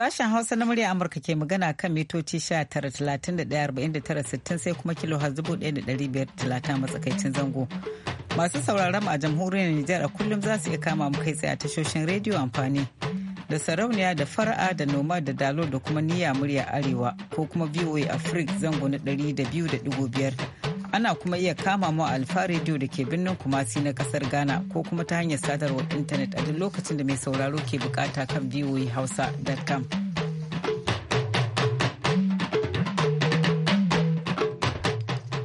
Sashen Hausa na murya Amurka ke magana kan mitoci 19,31,49,60 sai kuma kilo a matsakaicin zango. Masu sauraron a jamhuriyar Nijar a kullum za su iya kama mu kai tsaye a tashoshin rediyo amfani da sarauniya da fara'a da noma da dalo da kuma niyya murya arewa ko kuma VOA Africa zango na 200.5 ana kuma iya kama mu alfa radio da ke birnin kumasi na kasar ghana ko kuma ta hanyar sadarwar intanet a duk lokacin da mai sauraro ke bukata kan voahausa.com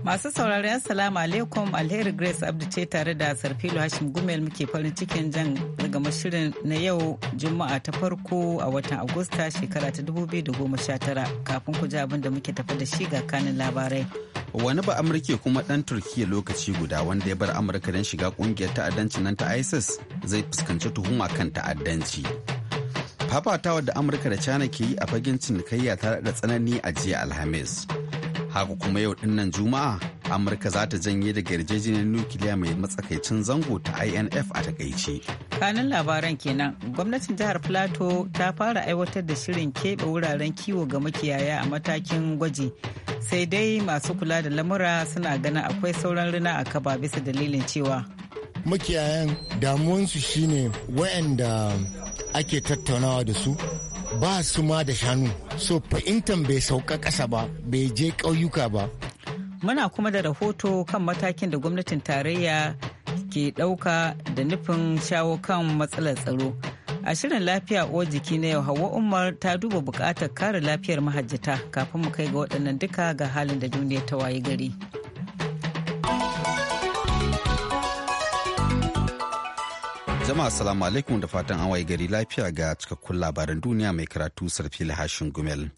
Masu saurari Assalamu alaikum Alheri Grace Abdu ce tare da Sarfilo Hashim Gumel muke farin cikin jan daga shirin na yau Juma'a ta farko a watan Agusta shekara ta 2019 kafin ku ji abin da muke tafi da shi ga kanin labarai. Wani ba Amurke kuma ɗan Turkiyya lokaci guda wanda ya bar Amurka don shiga ƙungiyar ta'addanci nan ta ISIS zai fuskanci tuhuma kan ta'addanci. Fafatawa da Amurka da China ke yi a fagen cinikayya tare da tsanani a jiya Alhamis. haka kuma yau dinnan juma'a amurka za ta janye da yarjejeniyar nukiliya mai matsakaicin zango ta inf a takaici. kanin labaran kenan gwamnatin jihar plato ta fara aiwatar da shirin keɓe wuraren kiwo ga makiyaya a matakin gwaji sai dai masu kula da lamura suna ganin akwai sauran rina a kaba bisa dalilin cewa makiyayan damuwansu shine wayanda ake tattaunawa da su ba su ma da shanu so fahimtar bai sauka ƙasa ba bai je ƙauyuka ba muna kuma da rahoto kan matakin da gwamnatin tarayya ke ɗauka da nufin shawo kan matsalar tsaro a shirin lafiya uwar jiki na yau hawa umar ta duba buƙatar kare lafiyar mahajjata kafin mu kai ga waɗannan duka ga halin da duniya ta waye gari. Jama'a salamu alaikum da fatan an waye gari lafiya ga cikakkun labaran duniya mai karatu sarfi hashin gumel.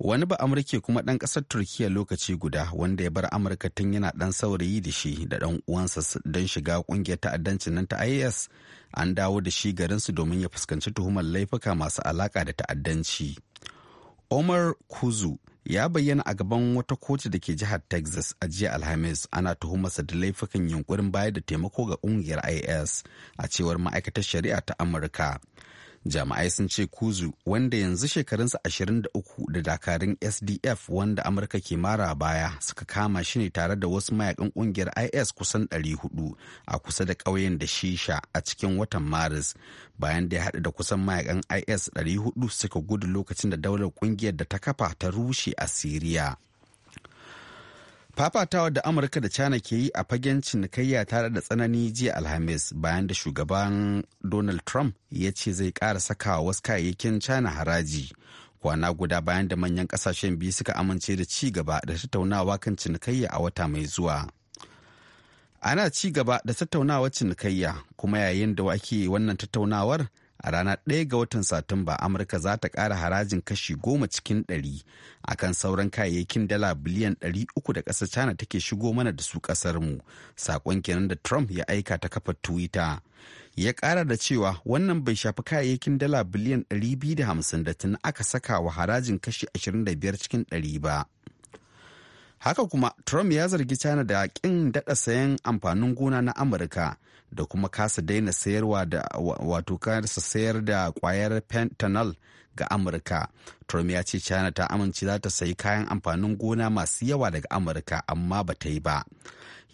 Wani ba Amurka kuma ɗan ƙasar Turkiyya lokaci guda wanda ya bar Amurka tun yana ɗan saurayi da shi da ɗan uwansa don shiga ƙungiyar ta'addancin nan ta IAS an dawo da shi garinsu domin ya fuskanci tuhumar laifuka masu alaƙa da ta'addanci. Omar Kuzu ya bayyana a gaban wata kotu da ke jihar Texas a jiya Alhamis ana tuhumarsa da laifukan yunkurin bayar da taimako ga ƙungiyar IS a cewar ma'aikatar shari'a ta Amurka. jami'ai sun ce kuzu wanda yanzu shekarunsa 23 da dakarun sdf wanda amurka ke mara baya suka kama shi ne tare da wasu mayakan kungiyar is kusan 400 a kusa da ƙauyen da shisha a cikin watan maris bayan da ya haɗu da kusan mayakan is 400 suka gudu lokacin da daular kungiyar da ta kafa ta rushe a siriya fafatawa da amurka da china ke yi a fagen cinikayya tare da tsanani jiya alhamis bayan da shugaban donald trump ya ce zai ƙara saka wasu kayayyakin china haraji kwana guda bayan da manyan kasashen biyu suka amince da ci gaba da tattaunawa kan cinikayya a wata mai zuwa ana ci gaba da tattaunawa cinikayya kuma yayin da ake wannan tattaunawar a ranar ɗaya ga watan satumba amurka za ta ƙara harajin kashi goma cikin ɗari akan sauran kayayyakin dala biliyan ɗari uku da ƙasar china take shigo mana da su mu saƙon kenan da trump ya aika ta kafa twitter ya ƙara da cewa wannan bai shafi kayayyakin dala biliyan 250 da tun aka saka wa harajin kashi biyar cikin ɗari ba haka kuma trump ya zargi china da ƙin daɗa sayan amfanin gona na amurka da kuma kasa daina sayarwa da wato kasa sayar da kwayar fentanyl ga amurka trump ya ce china ta amince za ta sayi kayan amfanin gona masu yawa daga amurka amma ba ta yi ba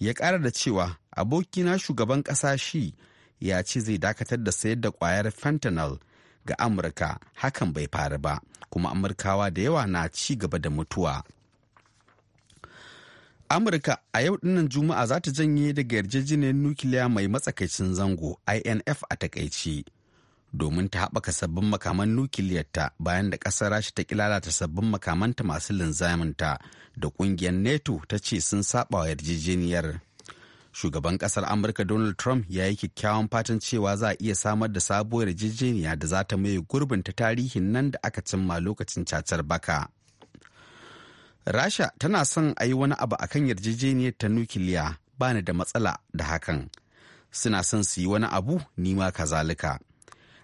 ya kara da cewa abokina shugaban kasa shi ya ce zai dakatar da sayar da kwayar fentanyl ga amurka hakan bai faru ba kuma amurkawa da yawa na ci gaba da mutuwa amurka a yau dinnan juma'a za ta janye daga yarjejeniyar nukiliya mai matsakaicin zango inf a takaici domin ta haɓaka sabbin makaman nukiliyarta bayan da ƙasar rashi ta kilalata sabbin makamanta masu linzaminta da ƙungiyar neto ta ce sun saba wa yarjejeniyar shugaban ƙasar amurka donald trump ya yi kyakkyawan fatan cewa za a iya samar da sabuwar yarjejeniya da za ta maye gurbin ta tarihin nan da aka cimma lokacin cacar baka rasha tana son a yi wani abu akan yarjejeniyar ta nukiliya bani da matsala da hakan suna son su yi wani abu nima kazalika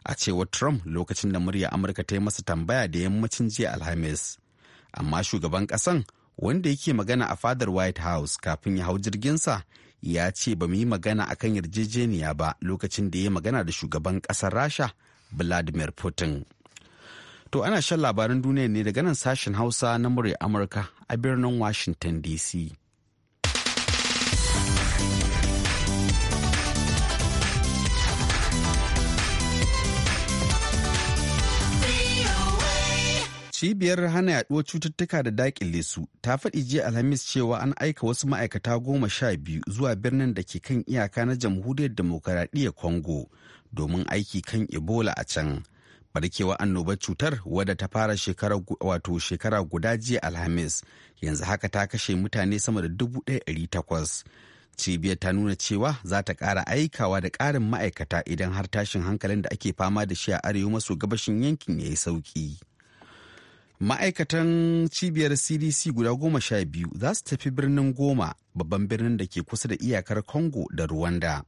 a cewar trump lokacin da murya amurka ta yi masa tambaya da yammacin jiya alhamis amma shugaban kasan wanda yake magana a fadar white house kafin ya hau jirginsa ya ce ba mu yi magana akan yarjejeniya ba lokacin da ya magana da shugaban kasar rasha vladimir putin To ana shan labaran duniya ne daga nan sashen Hausa na murya Amurka a birnin Washington DC. cibiyar hana yaduwar cututtuka da dakile su ta faɗi jiya alhamis cewa an aika wasu ma'aikata goma sha biyu zuwa birnin da ke kan iyaka na jamhuriyar demokaradiyyar congo domin aiki kan ebola a can barkewa annobar cutar wadda ta fara shekara wato shekara guda jiya alhamis yanzu haka ta kashe mutane sama da dubu takwas cibiyar ta nuna cewa za ta kara aikawa da karin ma'aikata idan har tashin hankalin da ake fama da shi a arewa maso gabashin yankin ya yi sauki. ma'aikatan cibiyar cdc guda goma sha biyu za su tafi birnin goma babban birnin da ke kusa da iyakar congo da rwanda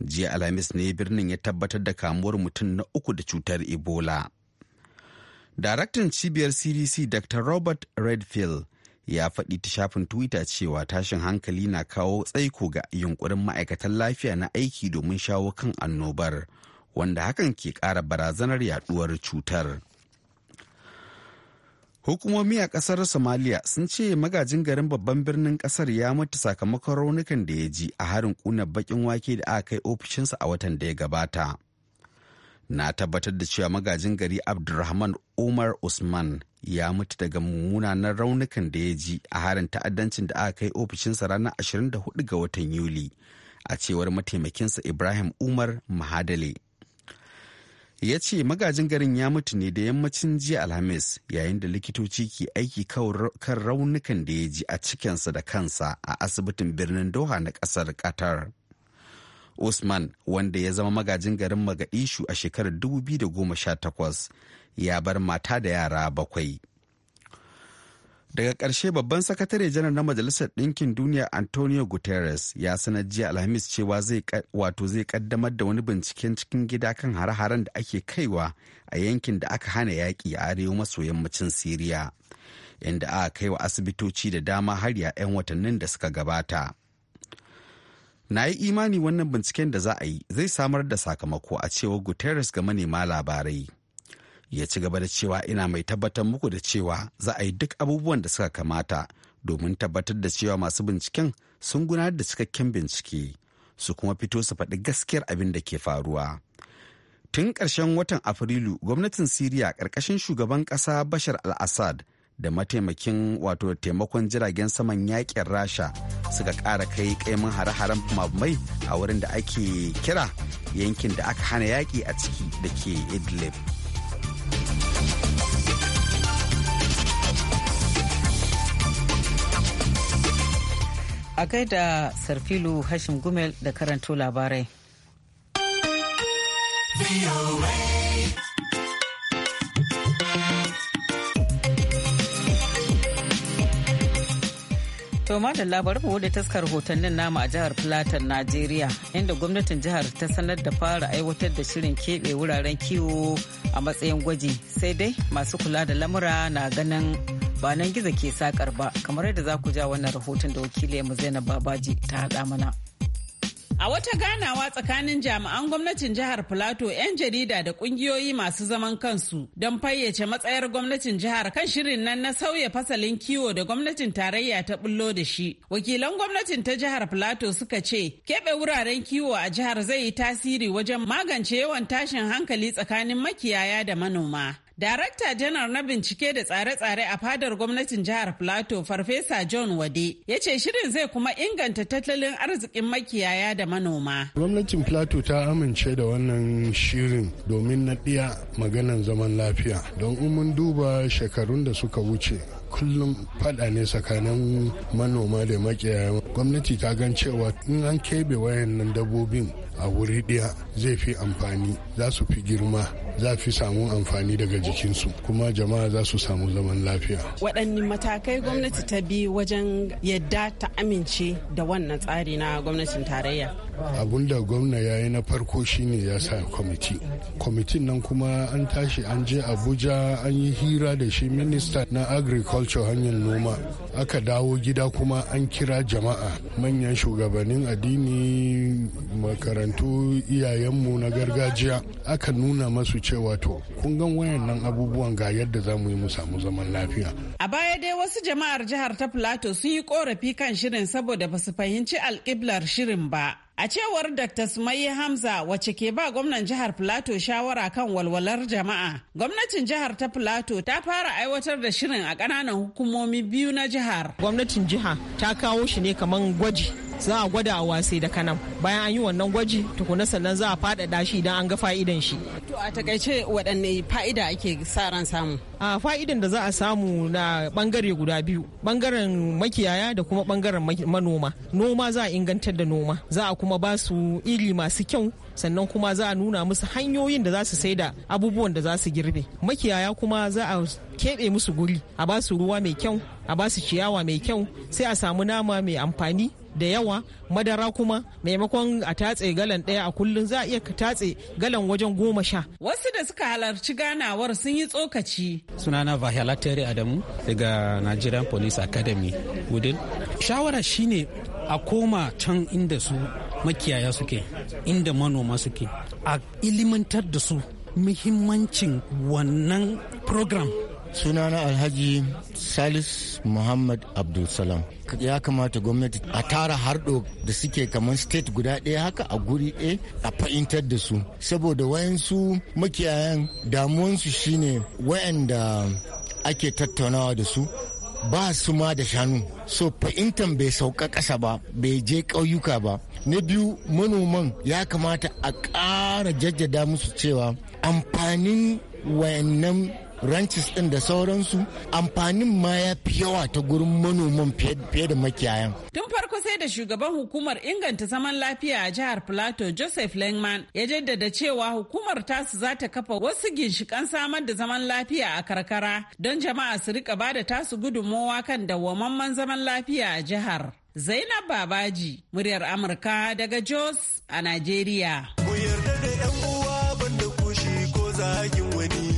jiya alhamis ne birnin ya tabbatar da kamuwar mutum na uku da cutar ebola daraktan cibiyar cdc dr robert redfield ya faɗi ta shafin twitter cewa tashin hankali na kawo tsaiko ga yunkurin ma'aikatan lafiya na aiki domin shawo kan annobar wanda hakan ke ƙara barazanar yaduwar cutar. Hukumomi a ƙasar Somalia sun ce magajin garin babban birnin ƙasar ya mutu sakamakon raunukan da ya ji a harin kuna bakin wake da aka kai ofishinsa a watan da ya gabata. Na tabbatar da cewa magajin gari Abdulrahman Umar Usman ya mutu daga mummunan raunukan da ya ji a harin ta'addancin da aka kai ofishinsa ranar 24 ga watan Yuli, a cewar mataimakinsa Ibrahim Umar Mahadale. ya ce magajin garin ya mutu ne da yammacin jiya alhamis yayin da likitoci ke aiki kan raunukan da ya ji a cikinsa da kansa a asibitin birnin doha na kasar qatar usman wanda ya zama magajin garin magadishu a shekarar 2018 ya bar mata da yara bakwai daga ƙarshe babban sakatare janar na majalisar ɗinkin duniya antonio guterres ya sanar jiya alhamis cewa wato zai kaddamar da wani binciken cikin gida kan hare-haren da ake kaiwa a yankin da aka hana yaƙi a arewa maso yammacin siriya inda aka kai wa asibitoci da dama har ya 'yan watannin da suka gabata na yi imani wannan binciken da za a yi zai samar da sakamako a cewa guterres ga manema labarai ya ci gaba da cewa ina mai tabbatar muku da cewa za a yi duk abubuwan da suka kamata domin tabbatar da cewa masu binciken sun gudanar da cikakken bincike su kuma fito su faɗi gaskiyar abin da ke faruwa tun ƙarshen watan afrilu gwamnatin siriya ƙarƙashin shugaban ƙasa bashar al-assad da mataimakin wato taimakon jiragen saman yaƙin rasha suka ƙara kai ƙaimin hare-haren mai a wurin da ake kira yankin da aka hana yaƙi a ciki da ke idlib a da sarfilu hashim gumel da karanto labarai To da labarin bude taskar hotonnin nama a jihar Plateau, Najeriya, inda gwamnatin jihar ta sanar da fara aiwatar da shirin keɓe wuraren kiwo a matsayin gwaji. Sai dai masu kula da lamura na ganin ba nan gizo ke sakar ba kamar yadda za ku ja wannan rahoton da wakilai wakiliyarmu Zainab Babaji ta haɗa mana. A wata ganawa tsakanin jami'an gwamnatin jihar Filato 'yan jarida da kungiyoyi masu zaman kansu don fayyace matsayar gwamnatin jihar kan shirin nan na sauya fasalin kiwo da gwamnatin tarayya ta bullo da shi. Wakilan gwamnatin ta jihar Filato suka ce keɓe wuraren kiwo a jihar zai yi tasiri wajen magance yawan tashin hankali tsakanin makiyaya da manoma. Darakta janar na bincike da tsare-tsare a fadar gwamnatin jihar Plateau Farfesa John Wade ya ce shirin zai kuma inganta tattalin arzikin makiyaya da manoma. Gwamnatin Plateau ta amince da wannan shirin domin na ɗiya maganan zaman lafiya don mun duba shekarun da suka wuce kullum fada ne tsakanin manoma da makiyaya gwamnati ta gan cewa in an keɓe wayannan dabbobin a wuri ɗaya zai fi amfani za su fi girma za fi samu amfani daga jikinsu kuma jama'a za su samu zaman lafiya. Waɗanne matakai gwamnati ta bi wajen yadda ta amince da wannan tsari na gwamnatin tarayya? Abun da gwamna ya yi na farko shine ya sa kwamiti. Kwamitin nan kuma an tashi an je Abuja an yi hira da shi minista na agriculture hanyar noma. Aka dawo gida kuma an kira jama'a manyan shugabannin addini makarantu iyayenmu na gargajiya aka nuna masu cewa to kun gan wayannan abubuwan ga yadda za mu yi mu samu zaman lafiya. A baya dai wasu jama'ar jihar ta Plateau sun yi korafi kan shirin saboda ba su fahimci alƙiblar shirin ba. A cewar Dr. Sumayi Hamza wacce ke ba gwamnan jihar plateau shawara kan walwalar jama'a. Gwamnatin jihar ta plateau ta fara aiwatar da shirin a ƙananan hukumomi biyu na jihar. Gwamnatin jiha ta kawo shi ne kaman gwaji za a gwada a wase da kanan bayan an yi wannan gwaji tukuna sannan za a faɗaɗa shi idan an ga fa'idan shi to a takaice waɗanne fa'ida ake sa ran samu a fa'idan da za a samu na bangare guda biyu bangaren makiyaya da kuma bangaren manoma noma za a ingantar da noma za a kuma ba su iri masu kyau sannan kuma za a nuna musu hanyoyin da za su da abubuwan da za su girbe makiyaya kuma za a keɓe musu guri a ba su ruwa mai kyau a ba su ciyawa mai kyau sai a samu nama mai amfani da yawa madara kuma maimakon a tatse galan daya a kullum za a iya tatse galan wajen goma sha. Wasu da suka halarci ganawar sun yi tsokaci. Sunana Vahalatere Adamu daga Nigerian Police Academy Wudin. Shawara shine a koma can inda su makiyaya suke inda manoma suke a ilimantar da su muhimmancin wannan program sunana alhaji salis muhammad abdulsalam ya kamata gwamnati a tara harɗo da suke kamar state guda ɗaya haka a guri ɗaya a fahimtar da su saboda wayansu makiyayan damuwansu shine wayanda ake tattaunawa da su ba su ma da shanu so fahimtar bai sauka ƙasa ba bai je ƙauyuka ba na biyu manoman ya kamata a ƙara jajjada musu cewa amfanin wayannan ranches din da sauransu amfanin ma ya fi yawa ta gurin manoman fiye da makiyayan. Tun farko sai da shugaban hukumar inganta zaman lafiya a jihar plato Joseph Langman ya jaddada cewa hukumar tasu za ta kafa wasu ginshikan samar da zaman lafiya a karkara don jama'a su rika bada tasu gudunmowa kan dawwamamman zaman lafiya a jihar. Zainab Babaji, muryar Amurka daga Jos a Najeriya. Ku yarda da 'yan uwa banda kushi ko zagin wani.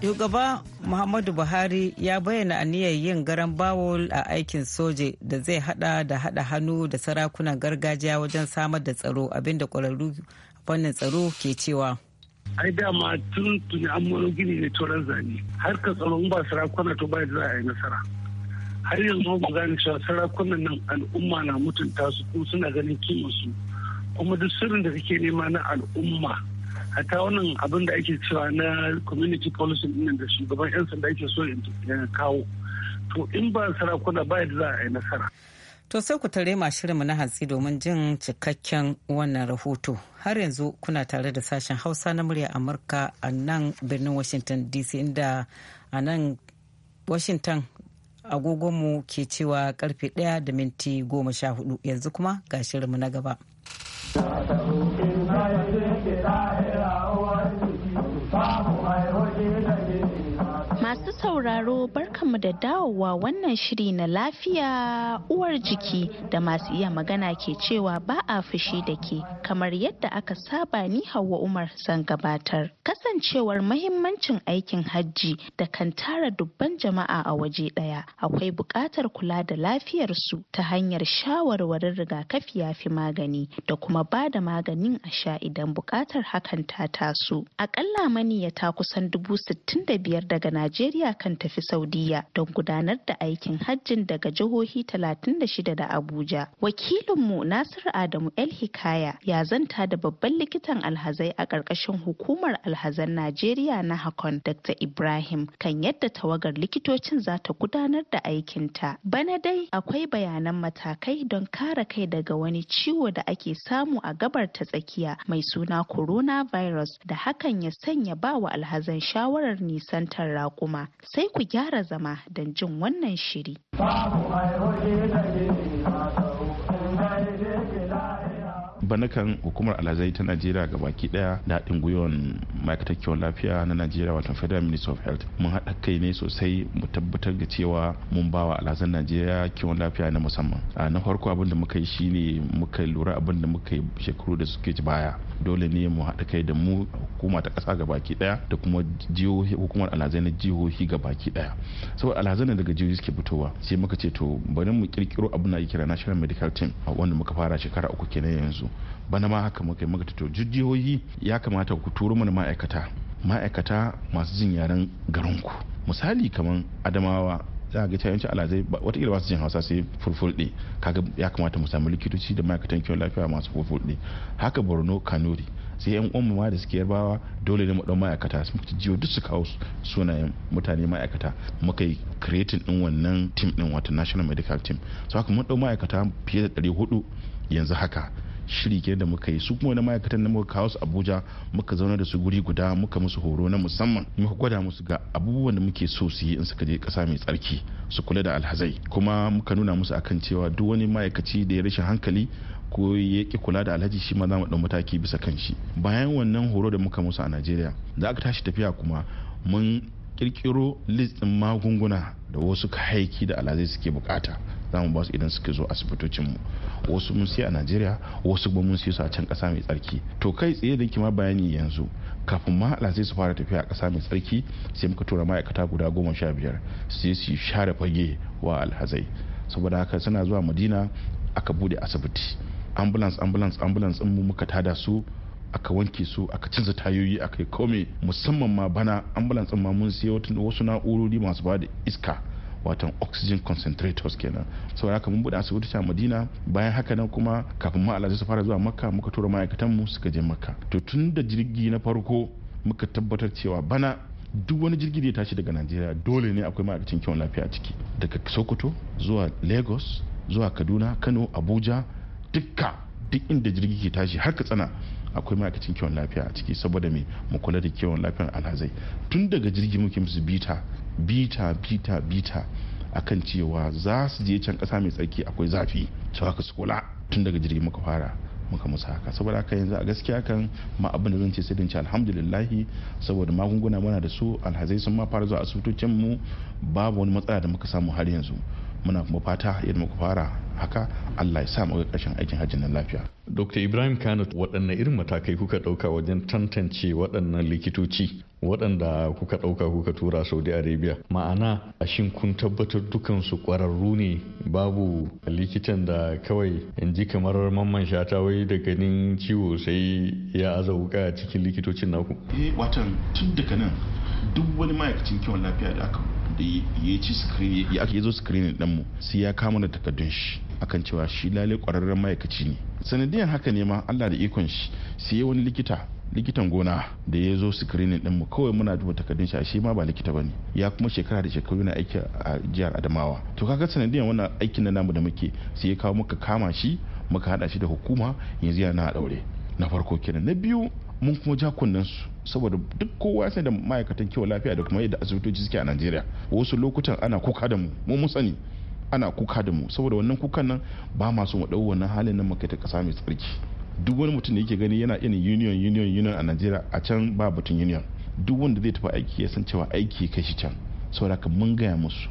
Shugaba Muhammadu Buhari ya bayyana aniyar yin garan bawul a aikin soje da zai hada da hada hannu da sarakunan gargajiya wajen samar da tsaro abinda kwararru fannin tsaro ke cewa. ai dama tun tuni an mono gini ne turan zane har ka tsaro ba sarakuna to ba za a yi nasara har yanzu ba gane cewa sarakunan nan al'umma na mutunta su ko suna ganin kimansu kuma duk sirrin da kake nema na al'umma hata wannan abin da ake cewa na community policy din da shugaban 'yan sanda ake so ya kawo to in ba sarakuna ba yadda za a yi nasara To sai ku tare shirinmu na hatsi domin jin cikakken wannan rahoto. Har yanzu kuna tare da sashen Hausa na murya Amurka a nan birnin Washington DC inda a nan Washington agogonmu ke cewa karfe 1 da minti goma sha hudu yanzu kuma ga shirinmu na gaba. 偷了萝卜。barkanmu da dawowa wannan shiri na lafiya uwar jiki da masu iya magana ke cewa ba a fushi da ke kamar yadda aka saba ni hawa umar zan gabatar kasancewar mahimmancin aikin hajji da kan tara dubban jama'a a waje ɗaya akwai buƙatar kula da lafiyarsu ta hanyar shawarwarin rigakafi ya fi magani da kuma ba da maganin a sha idan buƙatar hakan ta taso aƙalla maniyata kusan dubu sittin da biyar daga najeriya kan tafi saudiya Saudiya don gudanar da aikin hajjin daga jihohi 36 da Abuja. Wakilinmu Nasir Adamu El Hikaya ya zanta da babban likitan alhazai a ƙarƙashin hukumar alhazan Najeriya na Hakon Dr. Ibrahim kan yadda tawagar likitocin za ta gudanar da aikinta. Bana dai akwai bayanan matakai don kare kai daga wani ciwo da ake samu a gabar ta tsakiya mai suna coronavirus da hakan ya sanya ba wa alhazan shawarar nisantar raƙuma. Sai ku gyara zama zama don jin wannan shiri. banakan hukumar alhazai ta najeriya ga baki daya da haɗin gwiwan ma'aikatar kiwon lafiya na najeriya wato federal ministry of health mun haɗa kai ne sosai mu tabbatar da cewa mun ba wa alhazan najeriya kiwon lafiya na musamman a na farko abin da muka yi shine muka lura abin da muka yi shekaru da suke baya dole ne mu haɗa kai da mu hukuma ta ƙasa ga baki daya da kuma jihohi hukumar alhazai na jihohi ga baki daya saboda alhazai ne daga jihohi suke fitowa sai muka ce to bari mu kirkiro abin da ake kira national medical team wanda muka fara shekara uku kenan yanzu bana ma haka muka yi muka to jijiyoyi ya kamata ku turo mana ma'aikata ma'aikata masu jin yaren garinku misali kamar adamawa za a ga cewa alazai watakila ba su jin hausa sai furfurɗe kaga ya kamata mu samu likitoci da ma'aikatan kiwon lafiya masu furfurɗe haka borno kanuri sai yan uwan ma da suke yarbawa dole ne mu dan ma'aikata su muka jiyo duk su kawo sunayen mutane ma'aikata muka yi creating din wannan team ɗin wato national medical team so haka mun dan ma'aikata fiye da 400 yanzu haka shiri ke da muka yi su kuma wani ma'aikatan na muka kawo su abuja muka zauna da su guri guda muka musu horo na musamman muka gwada musu ga abubuwan da muke so su yi in suka je kasa mai tsarki su kula da alhazai kuma muka nuna musu akan cewa duk wani ma'aikaci da ya rashin hankali ko ya ki kula da alhaji shi ma za mu ɗau mataki bisa kan shi bayan wannan horo da muka musu a najeriya za aka tashi tafiya kuma mun kirkiro list ɗin magunguna da wasu kayayyaki da alhazai suke bukata za mu ba su idan suka zo mu wasu mun siya a najeriya wasu kuma mun siya su a can kasa mai tsarki to kai tsaye da kima bayani yanzu kafin ma sai su fara tafiya a ƙasa mai tsarki sai muka tura ma'aikata guda goma sha biyar sai su share fage wa alhazai saboda haka suna zuwa madina aka bude asibiti ambulance ambulance ambulance mu muka tada su aka wanke su aka canza tayoyi aka yi kome musamman ma bana ambulance ma mun siya wasu na'urori masu bada iska watan oxygen concentrators kenan saboda haka mun bude asibiti a madina bayan haka nan kuma kafin ma alhaji su fara zuwa makka muka tura ma'aikatan mu suka je makka to tun da jirgi na farko muka tabbatar cewa bana duk wani jirgi da ya tashi daga najeriya dole ne akwai ma'aikacin kiwon lafiya ciki daga sokoto zuwa lagos zuwa kaduna kano abuja dukka duk inda jirgi ke tashi har tsana akwai ma'aikacin kiwon lafiya a ciki saboda me mu kula da kiwon lafiyar alhazai tun daga jirgi muke musu bita bita bita bita akan cewa za su je can kasa mai tsarki akwai zafi to haka su kula tun daga jirgin muka fara muka musu haka saboda haka yanzu a gaskiya kan ma abin da zan ce sai dinci alhamdulillahi saboda magunguna muna da su alhazai sun ma fara zuwa asibitocin mu babu wani matsala da muka samu har yanzu muna kuma fata yadda muka fara haka Allah ya sa mu ƙarshen aikin hajjin nan lafiya. Dr. Ibrahim Kano waɗannan irin matakai kuka ɗauka wajen tantance waɗannan likitoci waɗanda kuka ɗauka kuka tura saudi arabia ma'ana a shin kun tabbatar dukansu ƙwararru ne babu likitan da kawai in ji kamar mamman shata wai da ganin ciwo sai ya aza cikin likitocin naku eh watan tun daga nan duk wani ma'aikacin kiwon lafiya da aka da ya ci screening ya aka zo screening din mu sai ya kama da takardun shi akan cewa shi lalle ƙwararren ma'aikaci ne sanadiyar haka ne ma Allah da ikon shi sai wani likita likitan gona da ya zo screening din mu kawai muna duba takardun shi shi ma ba likita bane ya kuma shekara da shekaru yana aiki a jihar Adamawa to kaga sanadiyan wannan aikin na namu da muke sai ya kawo muka kama shi muka hada shi da hukuma yanzu yana a daure na farko kenan na biyu mun kuma ja kunnan su saboda duk kowa sai da ma'aikatan kiwon lafiya da kuma yadda asibitoci suke a Najeriya wasu lokutan ana kuka da mu mu mun sani ana kuka da mu saboda wannan kukan nan ba ma so mu dau wannan halin nan mu kai ta kasa mai tsarki duk wani mutum da yake gani yana irin union union union a najeriya a can ba batun union duk wanda zai tafi aiki ya san cewa aiki kai shi can saboda mun gaya musu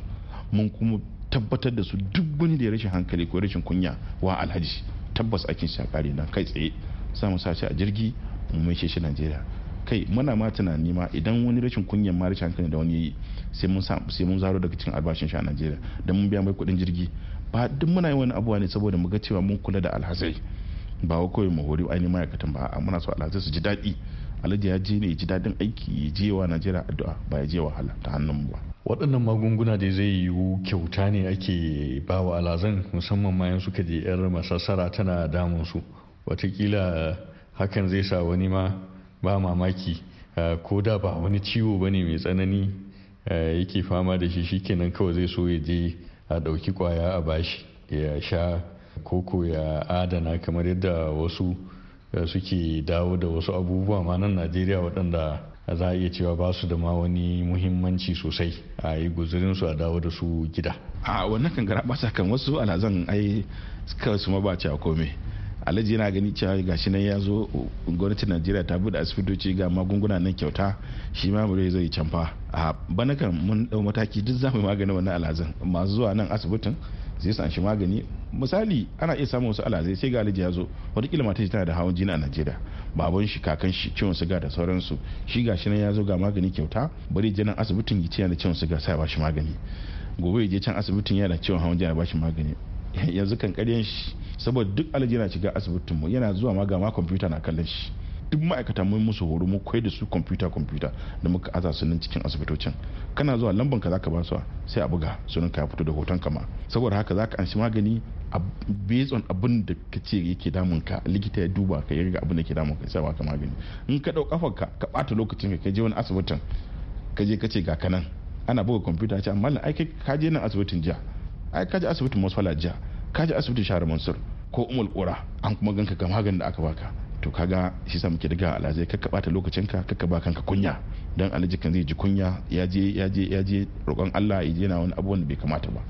mun kuma tabbatar da su duk wani da ya rashin hankali ko rashin kunya wa alhaji tabbas aikin shi a kare nan kai tsaye za mu sa a jirgi mu mai shi najeriya kai muna ma tunani ma idan wani rashin kunyan ma rashin hankali da wani yayi sai mun sai mun zaro daga cikin albashin shi a Najeriya dan mun biya mai kudin jirgi ba duk muna yin wani abuwa ne saboda mu ga cewa mun kula da alhazai ba wa kawai mu hori ainihin ma'aikatan ba a muna so alhaji su ji daɗi alhaji ya je ne ji daɗin aiki ya je wa najeriya addu'a ba ya je wahala ta hannun ba waɗannan magunguna da zai yiwu kyauta ne ake ba wa alazan musamman ma yan suka je yar masassara tana damun su watakila hakan zai sa wani ma ba mamaki ko da ba wani ciwo ba ne mai tsanani yake fama da shi shi kenan kawai zai so ya je a ɗauki kwaya a bashi ya sha koko ya adana kamar yadda wasu eh, suke dawo da wasu abubuwa ma nan najeriya waɗanda za a iya cewa ba su da ma wani muhimmanci sosai a yi guzurin su a dawo da su gida a wannan kan gara kan wasu alazan ai su ma ba a kome alhaji yana gani cewa ga shi nan ya zo gwamnatin najeriya ta bude asibitoci ga magunguna nan kyauta shi ma bare zai canfa a bana kan mun dau mataki duk zamu magani wannan alazan masu zuwa nan asibitin zai san shi magani misali ana iya samun wasu alazai sai ga alhaji ya zo wataƙila mata tana da hawan jini a najeriya baban shi kakan shi ciwon suga da sauransu shi ga nan ya zo ga magani kyauta bari janan asibitin ya ce yana ciwon suga sai ba shi magani gobe je can asibitin yana ciwon hawan jini ba shi magani yanzu kan karyan shi saboda duk alhaji yana shiga asibitin mu yana zuwa ma ga ma kwamfuta na kallon shi duk ma'aikata mun musu horo mu koyar da su kwamfuta kwamfuta da muka aza su nan cikin asibitocin kana zuwa lamban ka zaka ba su sai a buga sunan ka fito da hoton kama saboda haka zaka an shi magani a bezon abin da ka ce yake damun ka likita ya duba ka ya riga abin da ke damun ka sai ka magani in ka dau kafar ka ka bata lokacin ka ka je wani asibitin ka je ka ce ga kanan ana buga kwamfuta ce amma ai ka je nan asibitin jiya ai ka je asibitin masfala jiya ka je asibitin shahar mansur ko umar kora an kuma ganka ga maganin da aka baka to kaga shi sa muke daga zai kakka bata lokacin ka kakka ba kanka kunya dan alhaji kan zai ji kunya ya je ya je ya je roƙon Allah ya je yana wani abubuwan da bai kamata ba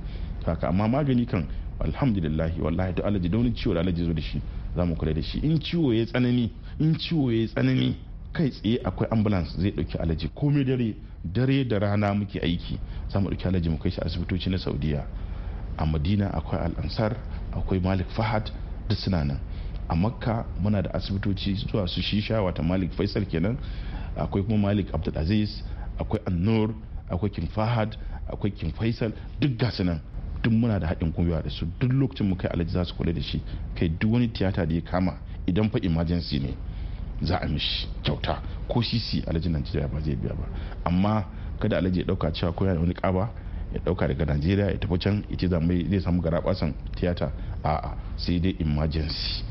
haka amma magani kan alhamdulillah wallahi to alhaji don ciwo da alhaji zo da shi za mu kula da shi in ciwo ya tsanani in ciwo ya tsanani kai tsaye akwai ambulance zai dauki alhaji komai dare dare da rana muke aiki za mu dauki alhaji mu kai shi asibitoci na saudiya a madina akwai al'ansar akwai malik fahad da suna nan a makka muna da asibitoci zuwa su shisha wata malik faisal kenan akwai kuma malik abdulaziz akwai annur akwai kin fahad akwai kin faisal duk gasu nan duk muna da haɗin gwiwa da su duk lokacin mu kai alhaji za su kula da shi kai duk wani tiyata da ya kama idan fa emergency ne za a mishi kyauta ko sisi alhaji najeriya ba zai biya ba amma kada alaji ya ɗauka cewa ko yana wani ƙaba ya ɗauka daga najeriya ya tafi can ita zai samu garaɓasan tiyata a'a sai dai emergency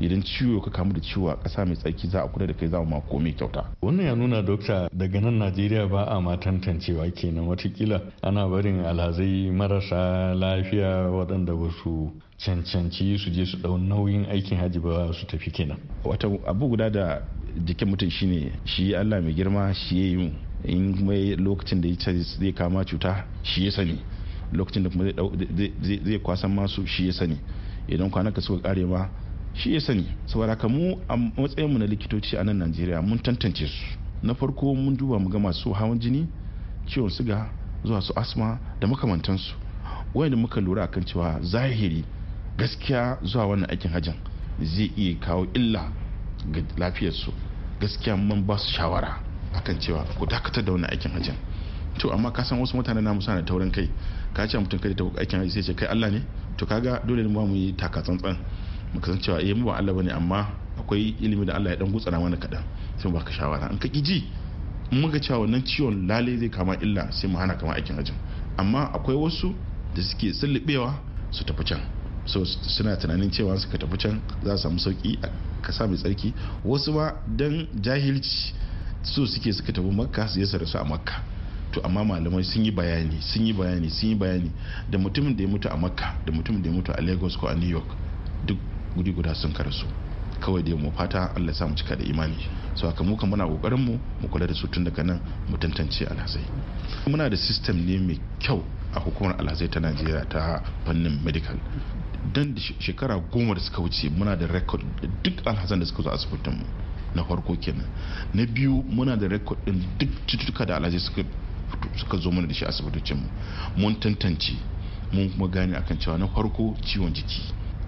idan ciwo ka kamu da ciwo a ƙasa mai tsarki za a kula da kai za ma komai kyauta wannan ya nuna dokta daga nan najeriya ba a ma tantancewa kenan watakila ana barin alhazai marasa lafiya waɗanda ba su cancanci su je su ɗau nauyin aikin hajji ba su tafi kenan wata abu guda da jikin mutum shine shi allah mai girma shi ya yi in kuma lokacin da zai kama cuta shi ya sani lokacin da kuma zai kwasan masu shi ya sani idan kwanaka suka kare ma shi ya sani saboda mu a matsayinmu na likitoci a nan najeriya mun tantance su na farko mun duba mu ga masu hawan jini ciwon siga zuwa su asma da makamantansu wanda muka lura akan cewa zahiri gaskiya zuwa wannan aikin hajjan zai iya kawo illa ga lafiyarsu gaskiya mun ba su shawara akan cewa ku dakatar da wannan aikin hajjan to amma ka san wasu mutane na musana da taurin kai ka ce mutum kai da aikin hajji sai ce kai Allah ne to kaga dole ne mu yi taka tsantsan muka cewa eh ba Allah bane amma akwai ilimi da Allah ya dan gutsara mana kaɗan sai mu baka shawara an ka ji in muka cewa wannan ciwon lale zai kama illa sai mu hana kama aikin hajjin amma akwai wasu da suke sullubewa su tafi can so suna tunanin cewa suka tafi can za su samu sauki a kasa mai tsarki wasu ba dan jahilci so suke suka tafi makka su yasa su a makka to amma malamai sun yi bayani sun yi bayani sun yi bayani da mutumin da ya mutu a makka da mutumin da ya mutu a lagos ko a new york duk guri guda sun karasu kawai dai mu fata Allah ya sa mu cika da imani so haka mu kan muna kokarin mu mu kula da su tun daga nan mu tantance alhazai muna da system ne mai kyau a hukumar alhazai ta Najeriya ta fannin medical dan shekara goma da suka wuce muna da record duk alhazan da suka zo asibitin mu na farko kenan na biyu muna da record din duk cututtuka da alhazai suka suka zo mana da shi asibitocin mu mun tantance mun kuma gane akan cewa na farko ciwon jiki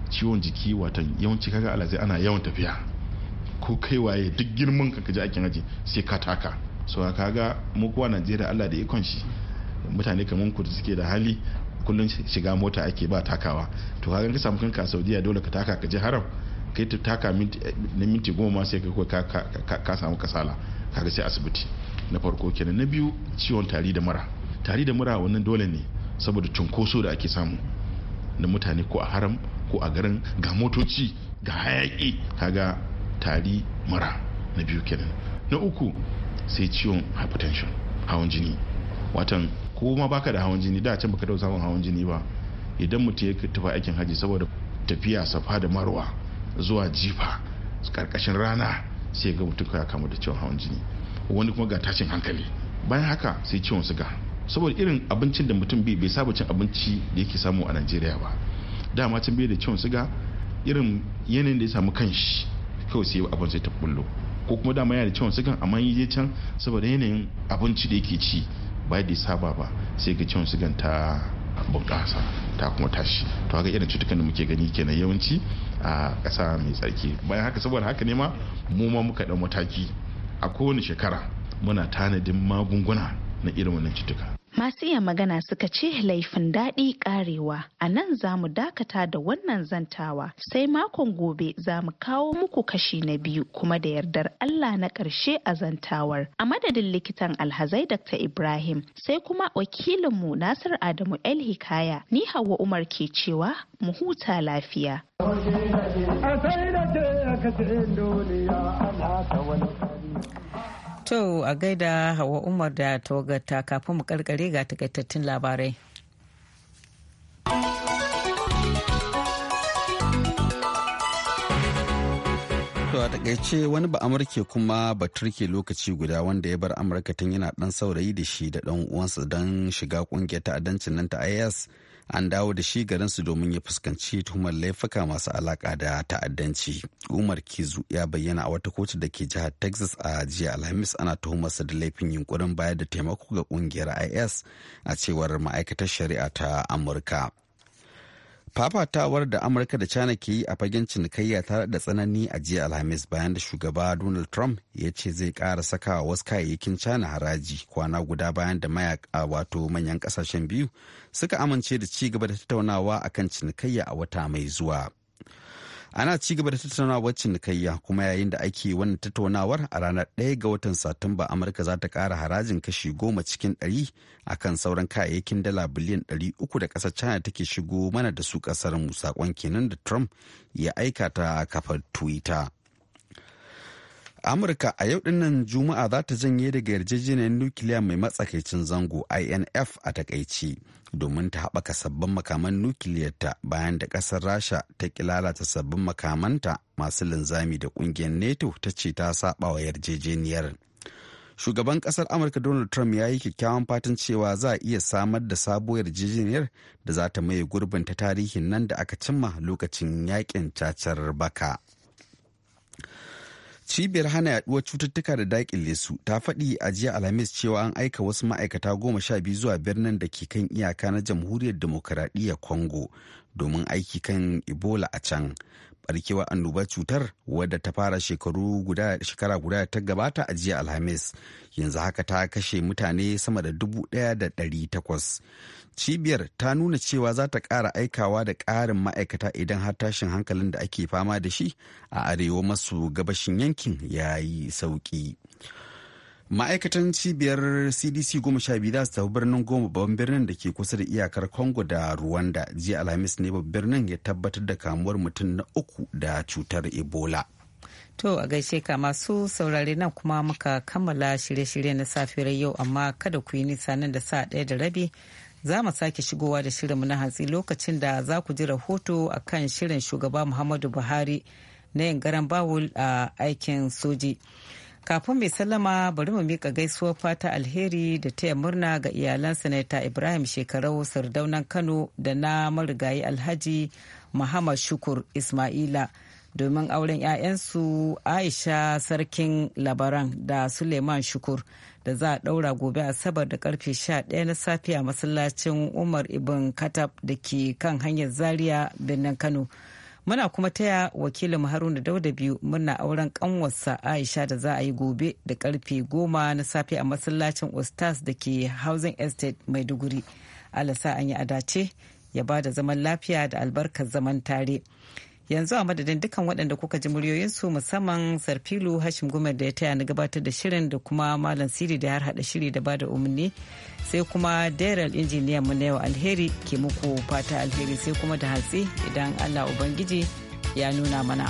ciwon jiki watan yawanci kaga alazai ana yawan tafiya ko kai waye duk girman ka kaji aikin aji sai ka taka so kaga mu kuwa Najeriya Allah da ikon shi mutane kaman ku da suke da hali kullun shiga mota ake ba takawa to kaga ka samu kanka Saudiya dole ka taka ka haram kai ta taka na minti goma sai ka ka samu kasala kaga sai asibiti na farko kenan na biyu ciwon tari da mura tari da mura wannan dole ne saboda cunkoso da ake samu na mutane ko a haram ko a garin ga motoci ga hayaki kaga tari mara na biyu kenan na uku sai ciwon hypertension hawan jini watan ko ma baka da hawan jini da can baka da samun hawan jini ba idan mutum ya tafi aikin haji saboda tafiya safa da marwa zuwa jifa karkashin rana sai ga mutum ya kamu da ciwon hawan jini wani kuma ga tashin hankali bayan haka sai ciwon suga saboda irin abincin da mutum bai saba cin abinci da yake samu a najeriya ba dama can bai da kyau siga irin yanayin da ya samu kanshi kawai sai abin sai ta bullo ko kuma dama yana da kyau sigan amma yi je can saboda yanayin abinci da yake ci ba da saba ba sai ga kyau sigan ta bunƙasa ta kuma tashi to haka irin cutukan da muke gani kenan yawanci a ƙasa mai tsarki bayan haka saboda haka ne ma mu ma muka ɗau mataki a kowane shekara muna tanadin magunguna na irin wannan cutuka Masu iya magana suka ce laifin daɗi ƙarewa. A nan za mu dakata da wannan zantawa sai makon gobe za mu kawo muku kashi na biyu kuma da yardar Allah na ƙarshe a zantawar. A madadin likitan alhazai Dr. Ibrahim sai kuma wakilinmu Nasir Adamu El Hikaya ni Hauwa Umar ke cewa mu huta lafiya. To a gaida Hawa Umar da togata kafin mu karkare ga takaitattun labarai. To a takaice wani ba Amurka kuma ba turke lokaci guda wanda ya bar Amurka tun yana dan saurayi da shi da dan uwansa don shiga kungiyar ta'addancin nan ta IS an dawo da shi garinsu domin ya fuskanci tuhumar laifuka masu alaka da ta'addanci umar kizu ya bayyana a wata kotu da ke jihar texas a jiya alhamis ana tuhumarsa da laifin yunkurin bayar da taimako ga kungiyar is a cewar ma'aikatar shari'a ta amurka fafatawar da amurka da china ke yi a fagen cinikayya tare da tsanani a jiya alhamis bayan da shugaba donald trump ya ce zai kara saka wasu kayayyakin china haraji kwana guda bayan da mayaka wato manyan kasashen biyu suka amince da ci gaba da tattaunawa akan cinikayya a wata mai zuwa ana ci gaba da tattaunawar cinikayya kuma yayin da ake wannan tattaunawar a ranar ɗaya ga watan satumba amurka za ta kara harajin kashi goma cikin ɗari akan sauran kayayyakin dala biliyan ɗari uku da ƙasar china take shigo mana da su ƙasar musakon kenan da trump ya aika ta kafar twitter amurka a yau dinnan juma'a za ta janye daga yarjejeniyar nukiliya mai matsakaicin zango inf a takaici domin ta haɓaka sabbin makaman nukiliyarta bayan da ƙasar rasha ta lalata sabbin makamanta masu linzami da ƙungiyar NETO ta ce ta saba wa yarjejeniyar shugaban ƙasar amurka donald trump ya yi kyakkyawan fatan cewa za a iya samar da sabuwar yarjejeniyar da za ta maye gurbin ta tarihin nan da aka cimma lokacin yakin cacar baka cibiyar hana yaduwar cututtuka da daƙile su ta faɗi a jiya alhamis cewa an aika wasu ma'aikata goma sha biyu zuwa birnin da ke kan iyaka na jamhuriyar demokaradiyyar congo domin aiki kan ebola a can barkewa annobar cutar wadda ta fara shekaru guda shekara guda ta gabata a jiya alhamis yanzu haka ta kashe mutane sama da dubu daya da dari takwas cibiyar ta nuna cewa za ta kara aikawa da ƙarin ma'aikata idan har tashin hankalin da ake fama da shi a arewa maso gabashin yankin ya yi sauƙi. ma'aikatan cibiyar cdc goma sha biyu za su tafi birnin goma babban birnin da ke kusa da iyakar congo da rwanda jiya alhamis ne babban birnin ya tabbatar da kamuwar mutum na uku da cutar ebola To a gaishe ka masu saurare nan kuma muka kammala shirye-shirye na safiyar yau amma kada ku yi nisa nan da sa ɗaya da rabi za mu sake shigowa da shirinmu na hantsi lokacin da za ku ji rahoto akan shirin shugaba Muhammadu Buhari na yin garan bawul a aikin soji. kafin mai sallama bari mu mika gaisuwar fata alheri da taya murna ga iyalan sanata ibrahim shekarau sardaunan kano da na marigayi alhaji muhammad shukur ismaila domin auren 'ya'yansu aisha sarkin labaran da suleiman shukur da za a daura gobe asabar da karfe 11 na safiya masallacin umar ibn katab da ke kan hanyar zaria birnin kano Muna kuma taya wakilin Haruna Dauda biyu muna auren kanwarsa Aisha da za a yi gobe da karfe goma na safe a masallacin Ostas da ke Housing Estate Maiduguri. alasa an yi adace ya ba da zaman lafiya da albarkar zaman tare. yanzu a madadin dukkan waɗanda kuka ji muryoyinsu musamman sarfilu hashim gumar da ya taya na gabatar da shirin da kuma malam siri da har hada shiri da bada umarni sai kuma daryl injiniyan mu na yau alheri ke muku fata alheri sai kuma da hatsi idan allah ubangiji ya nuna mana.